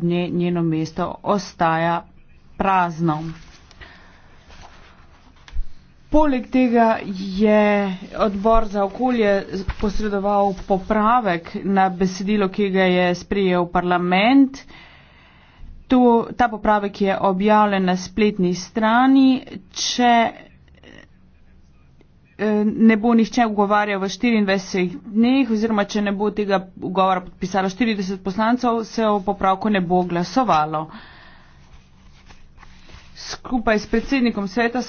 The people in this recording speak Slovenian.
dne njeno mesto ostaja prazno. Poleg tega je odbor za okolje posredoval popravek na besedilo, ki ga je sprijel parlament. Tu, ta popravek je objavljen na spletni strani. Če Eh, ne bo nihče ugovarjal v 24 dneh oziroma če ne bo tega ugovora podpisalo 40 poslancev, se o popravku ne bo glasovalo. Skupaj s predsednikom sveta.